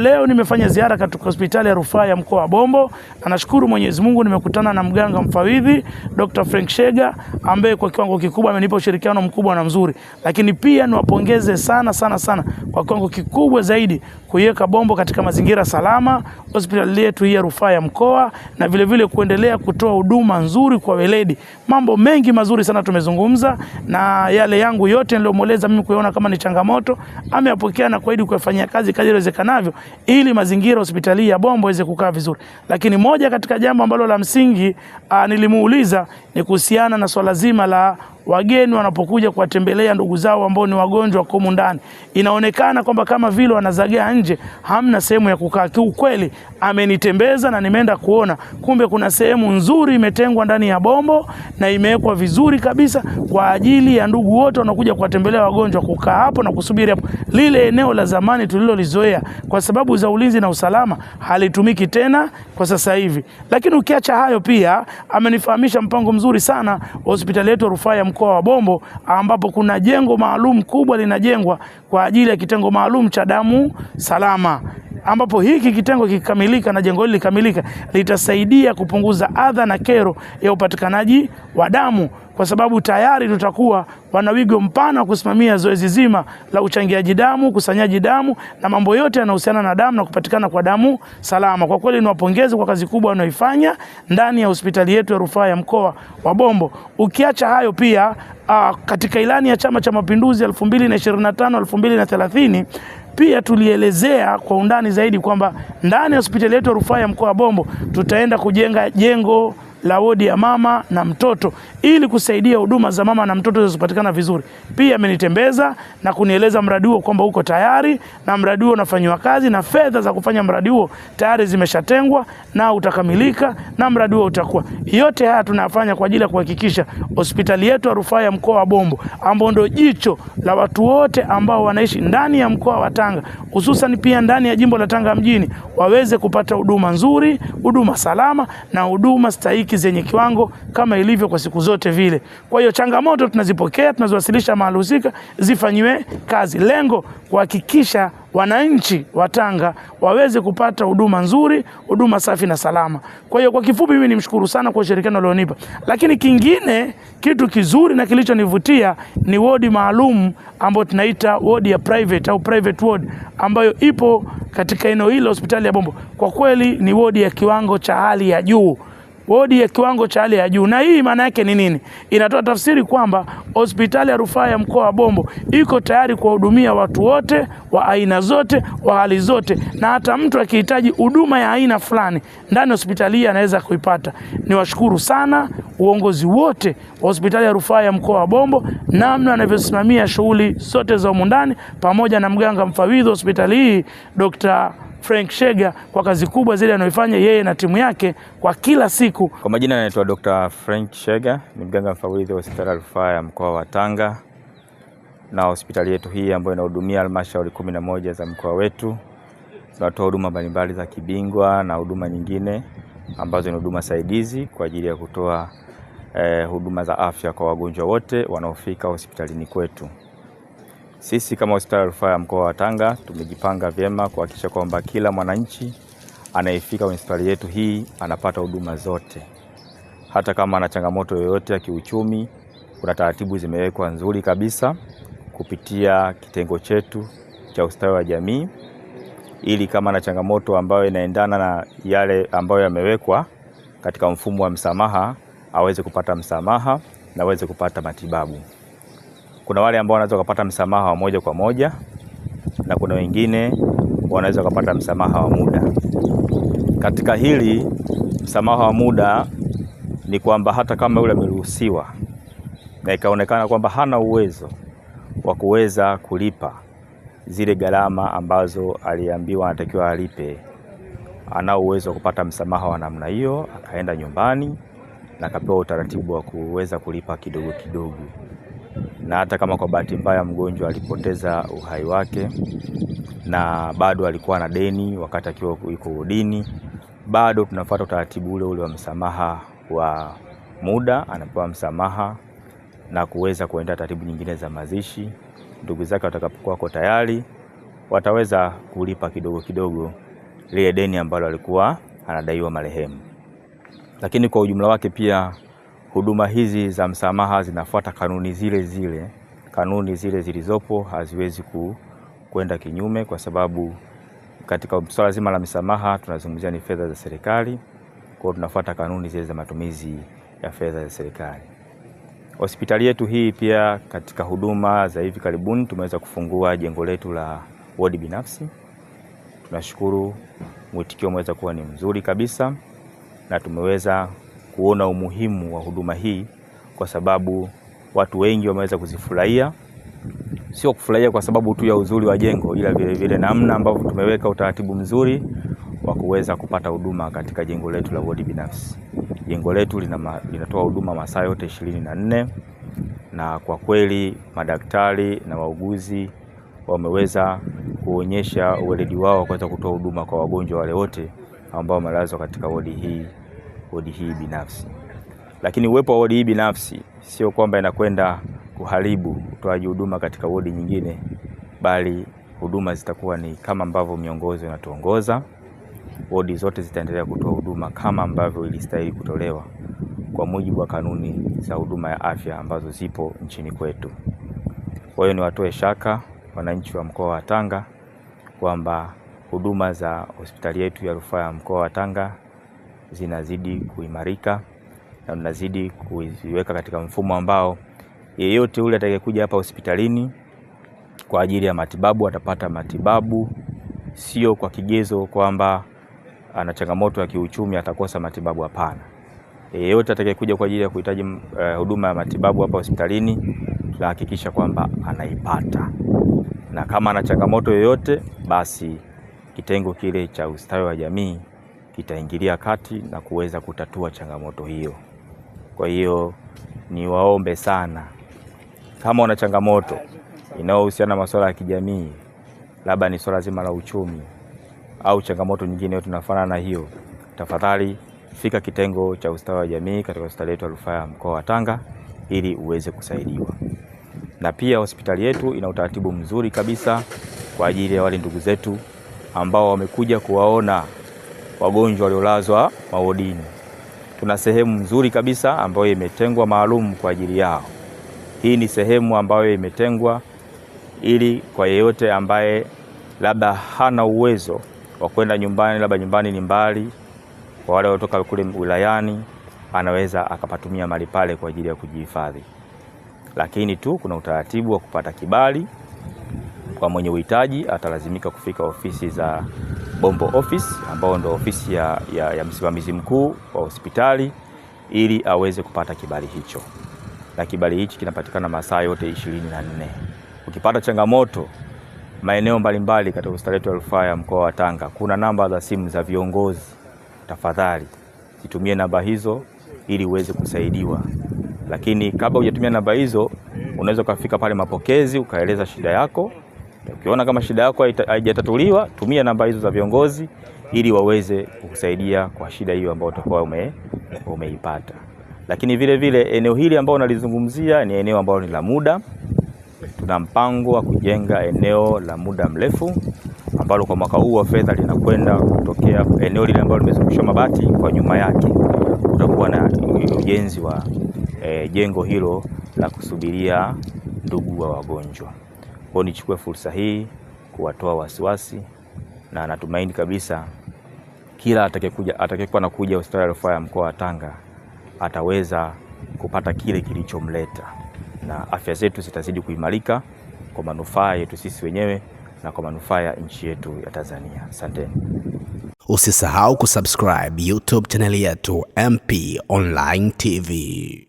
Leo nimefanya ziara katika hospitali ya rufaa ya mkoa wa Bombo na nashukuru Mwenyezi Mungu, nimekutana na mganga mfawidhi Dr. Frank Shega ambaye kwa kiwango kikubwa amenipa ushirikiano mkubwa na mzuri, lakini pia niwapongeze sana sana sana kwa kiwango kikubwa zaidi kuiweka Bombo katika mazingira salama, hospitali yetu hii ya rufaa ya mkoa, na vile vile kuendelea kutoa huduma nzuri kwa weledi. Mambo mengi mazuri sana tumezungumza, na yale yangu yote niliyomweleza mimi kuyaona kama ni changamoto ameyapokea na kuahidi kuyafanyia kazi kadri iwezekanavyo ili mazingira hospitali ya Bombo iweze kukaa vizuri. Lakini moja katika jambo ambalo la msingi ah, nilimuuliza ni kuhusiana na swala zima la wageni wanapokuja kuwatembelea ndugu zao ambao ni wagonjwa wako humu ndani, inaonekana kwamba kama vile wanazagea nje, hamna sehemu ya kukaa. Kiukweli amenitembeza na nimeenda kuona, kumbe kuna sehemu nzuri imetengwa ndani ya Bombo na imewekwa vizuri kabisa kwa ajili ya ndugu wote wanakuja kuwatembelea wagonjwa kukaa hapo na kusubiri hapo. Lile eneo la zamani tulilolizoea kwa sababu za ulinzi na usalama halitumiki tena kwa sasa hivi, lakini ukiacha hayo, pia amenifahamisha mpango mzuri sana hospitali yetu rufaa ya mkoa wa Bombo ambapo kuna jengo maalum kubwa linajengwa kwa ajili ya kitengo maalum cha damu salama ambapo hiki kitengo kikikamilika na jengo hili likamilika litasaidia kupunguza adha na kero ya upatikanaji wa damu kwa sababu tayari tutakuwa wana wigo mpana wa kusimamia zoezi zima la uchangiaji damu, kusanyaji damu na mambo yote yanayohusiana na damu na kupatikana kwa damu salama. Kwa kweli niwapongeze kwa kazi kubwa wanaoifanya ndani ya hospitali yetu ya rufaa ya mkoa wa Bombo. Ukiacha hayo pia aa, katika ilani ya Chama cha Mapinduzi 2025 2030 pia tulielezea kwa undani zaidi kwamba ndani ya hospitali yetu ya rufaa ya mkoa wa Bombo tutaenda kujenga jengo la wodi ya mama na mtoto ili kusaidia huduma za mama na mtoto zinazopatikana vizuri. Pia amenitembeza na kunieleza mradi huo kwamba uko tayari na mradi huo unafanywa kazi na fedha za kufanya mradi huo tayari zimeshatengwa na utakamilika na mradi huo utakuwa. Yote haya tunayafanya kwa ajili ya kuhakikisha hospitali yetu ya rufaa ya mkoa wa Bombo ambao ndio jicho la watu wote ambao wanaishi ndani ya mkoa wa Tanga, hususan pia ndani ya jimbo la Tanga mjini, waweze kupata huduma nzuri, huduma salama na huduma stahiki haki zenye kiwango kama ilivyo kwa siku zote vile. Kwa hiyo changamoto tunazipokea, tunaziwasilisha mahali husika zifanyiwe kazi, lengo kuhakikisha wananchi wa Tanga waweze kupata huduma nzuri, huduma safi na salama. Kwa hiyo kwa kifupi, mimi nimshukuru sana kwa ushirikiano alionipa, lakini kingine kitu kizuri na kilichonivutia ni wodi maalum ambayo tunaita wodi ya private au private ward ambayo ipo katika eneo hilo hospitali ya Bombo. Kwa kweli ni wodi ya kiwango cha hali ya juu wodi ya kiwango cha hali ya juu. Na hii maana yake ni nini? Inatoa tafsiri kwamba hospitali ya rufaa ya mkoa wa Bombo iko tayari kuwahudumia watu wote wa aina zote wa hali zote, na hata mtu akihitaji huduma ya aina fulani ndani ya hospitali hii anaweza kuipata. Niwashukuru sana uongozi wote wa hospitali ya rufaa ya mkoa wa Bombo, namna wanavyosimamia shughuli zote za humu ndani, pamoja na mganga mfawidhi hospitali hii Dr. Frank Shega kwa kazi kubwa zile anayoifanya yeye na timu yake kwa kila siku. Kwa majina anaitwa Dr. Frank Shega, ni mganga mfawidhi wa hospitali ya rufaa ya mkoa wa Tanga na hospitali yetu hii ambayo inahudumia halmashauri kumi na moja za mkoa wetu. Tunatoa huduma mbalimbali za kibingwa na huduma nyingine ambazo ni huduma saidizi kwa ajili ya kutoa eh, huduma za afya kwa wagonjwa wote wanaofika hospitalini kwetu. Sisi kama hospitali ya rufaa ya mkoa wa Tanga tumejipanga vyema kuhakikisha kwamba kila mwananchi anayefika kwenye hospitali yetu hii anapata huduma zote, hata kama ana changamoto yoyote ya kiuchumi. Kuna taratibu zimewekwa nzuri kabisa kupitia kitengo chetu cha ustawi wa jamii, ili kama na changamoto ambayo inaendana na yale ambayo yamewekwa katika mfumo wa msamaha aweze kupata msamaha na aweze kupata matibabu. Kuna wale ambao wanaweza kupata msamaha wa moja kwa moja na kuna wengine wanaweza kupata msamaha wa muda. Katika hili msamaha wa muda ni kwamba hata kama yule ameruhusiwa na ikaonekana kwamba hana uwezo wa kuweza kulipa zile gharama ambazo aliambiwa anatakiwa alipe, ana uwezo wa kupata msamaha wa namna hiyo, akaenda nyumbani na akapewa utaratibu wa kuweza kulipa kidogo kidogo na hata kama kwa bahati mbaya mgonjwa alipoteza uhai wake na bado alikuwa na deni wakati akiwa yuko udini, bado tunafuata utaratibu ule ule wa msamaha wa muda, anapewa msamaha na kuweza kuenda taratibu nyingine za mazishi. Ndugu zake watakapokuwa wako tayari, wataweza kulipa kidogo kidogo lile deni ambalo alikuwa anadaiwa marehemu. Lakini kwa ujumla wake pia huduma hizi za msamaha zinafuata kanuni zile zile, kanuni zile zilizopo haziwezi ku, kwenda kinyume, kwa sababu katika swala zima la misamaha tunazungumzia ni fedha za serikali, kwa hiyo tunafuata kanuni zile za matumizi ya fedha za serikali. Hospitali yetu hii pia, katika huduma za hivi karibuni, tumeweza kufungua jengo letu la wodi binafsi. Tunashukuru mwitikio umeweza kuwa ni mzuri kabisa na tumeweza kuona umuhimu wa huduma hii, kwa sababu watu wengi wameweza kuzifurahia, sio kufurahia kwa sababu tu ya uzuri wa jengo, ila vile vile namna ambavyo tumeweka utaratibu mzuri wa kuweza kupata huduma katika jengo letu la wodi binafsi. Jengo letu linama, linatoa huduma masaa yote ishirini na nne na kwa kweli madaktari na wauguzi wameweza kuonyesha uweledi wao wa kuweza kutoa huduma kwa wagonjwa wale wote ambao wamelazwa katika wodi hii wodi hii binafsi. Lakini uwepo wa wodi hii binafsi sio kwamba inakwenda kuharibu utoaji huduma katika wodi nyingine, bali huduma zitakuwa ni kama ambavyo miongozo inatuongoza. Wodi zote zitaendelea kutoa huduma kama ambavyo ilistahili kutolewa kwa mujibu wa kanuni za huduma ya afya ambazo zipo nchini kwetu. Kwa hiyo niwatoe shaka wananchi wa mkoa wa Tanga kwamba huduma za hospitali yetu ya rufaa ya mkoa wa Tanga zinazidi kuimarika na tunazidi kuziweka katika mfumo ambao yeyote yule atakayekuja hapa hospitalini kwa ajili ya matibabu atapata matibabu, sio kwa kigezo kwamba ana changamoto ya kiuchumi atakosa matibabu. Hapana, yeyote atakayekuja kwa ajili ya kuhitaji uh, huduma ya matibabu hapa hospitalini tunahakikisha kwamba anaipata, na kama ana changamoto yoyote, basi kitengo kile cha ustawi wa jamii kitaingilia kati na kuweza kutatua changamoto hiyo. Kwa hiyo niwaombe sana, kama una changamoto inayohusiana na masuala ya kijamii, labda ni swala zima la uchumi au changamoto nyingine yote tunafanana na hiyo, tafadhali fika kitengo cha ustawi wa jamii katika hospitali yetu ya rufaa ya mkoa wa Tanga ili uweze kusaidiwa. Na pia hospitali yetu ina utaratibu mzuri kabisa kwa ajili ya wale ndugu zetu ambao wamekuja kuwaona wagonjwa waliolazwa mawodini Tuna sehemu nzuri kabisa ambayo imetengwa maalum kwa ajili yao. Hii ni sehemu ambayo imetengwa ili kwa yeyote ambaye labda hana uwezo wa kwenda nyumbani, labda nyumbani ni mbali, kwa wale watoka kule wilayani, anaweza akapatumia mali pale kwa ajili ya kujihifadhi. Lakini tu kuna utaratibu wa kupata kibali. Kwa mwenye uhitaji atalazimika kufika ofisi za Bombo Office ambao ndo ofisi ya, ya, ya msimamizi mkuu wa hospitali ili aweze kupata kibali hicho, na kibali hichi kinapatikana masaa yote ishirini na nne. Ukipata changamoto maeneo mbalimbali katika hospitali yetu ya rufaa ya mkoa wa Tanga, kuna namba za simu za viongozi, tafadhali zitumie namba hizo ili uweze kusaidiwa. Lakini kabla hujatumia namba hizo, unaweza ukafika pale mapokezi ukaeleza shida yako Ukiona kama shida yako haijatatuliwa, tumia namba hizo za viongozi ili waweze kukusaidia kwa shida hiyo ambayo utakuwa ume, umeipata. Lakini vile vile eneo hili ambalo nalizungumzia ni eneo ambalo ni la muda. Tuna mpango wa kujenga eneo la muda mrefu ambalo kwa mwaka huu wa fedha linakwenda kutokea eneo lile ambalo limezungushwa mabati, kwa nyuma yake kutakuwa na ujenzi wa e, jengo hilo la kusubiria ndugu wa wagonjwa. Kwa hiyo nichukue fursa hii kuwatoa wasiwasi, na natumaini kabisa kila atakayekuja atakayekuwa anakuja hospitali ya rufaa ya mkoa wa Tanga ataweza kupata kile kilichomleta, na afya zetu zitazidi kuimarika kwa manufaa yetu sisi wenyewe na kwa manufaa ya nchi yetu ya Tanzania. Asanteni. Usisahau kusubscribe YouTube chaneli yetu MP Online TV.